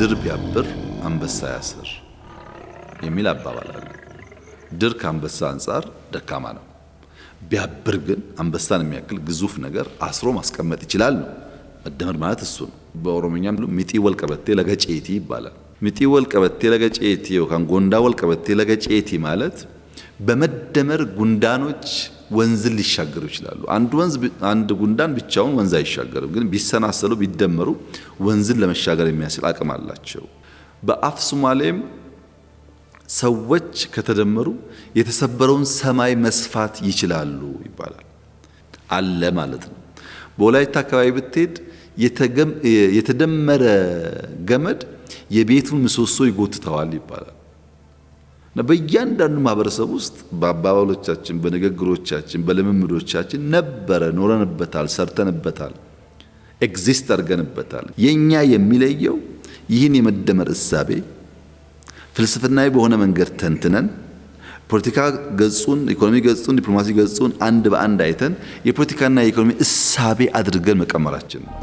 ድር ቢያብር አንበሳ ያስር የሚል አባባል አለ። ድር ከአንበሳ አንጻር ደካማ ነው። ቢያብር ግን አንበሳን የሚያክል ግዙፍ ነገር አስሮ ማስቀመጥ ይችላል ነው። መደመር ማለት እሱ ነው። በኦሮምኛም ሚጢ ወልቀበቴ ለገጨቲ ይባላል። ሚጢ ወልቀበቴ ለገጨቲ ከንጎንዳ ወልቀበቴ ለገጨቲ ማለት በመደመር ጉንዳኖች ወንዝን ሊሻገሩ ይችላሉ። አንድ ወንዝ አንድ ጉንዳን ብቻውን ወንዝ አይሻገርም፣ ግን ቢሰናሰሉ ቢደመሩ ወንዝን ለመሻገር የሚያስችል አቅም አላቸው። በአፍ ሶማሌም ሰዎች ከተደመሩ የተሰበረውን ሰማይ መስፋት ይችላሉ ይባላል አለ ማለት ነው። በወላይታ አካባቢ ብትሄድ የተደመረ ገመድ የቤቱን ምሰሶ ይጎትተዋል ይባላል። እና በእያንዳንዱ ማህበረሰብ ውስጥ በአባባሎቻችን፣ በንግግሮቻችን፣ በልምምዶቻችን ነበረ፣ ኖረንበታል፣ ሰርተንበታል፣ ኤግዚስት አድርገንበታል። የእኛ የሚለየው ይህን የመደመር እሳቤ ፍልስፍናዊ በሆነ መንገድ ተንትነን ፖለቲካ ገጹን፣ ኢኮኖሚ ገጹን፣ ዲፕሎማሲ ገጹን አንድ በአንድ አይተን የፖለቲካና የኢኮኖሚ እሳቤ አድርገን መቀመራችን ነው።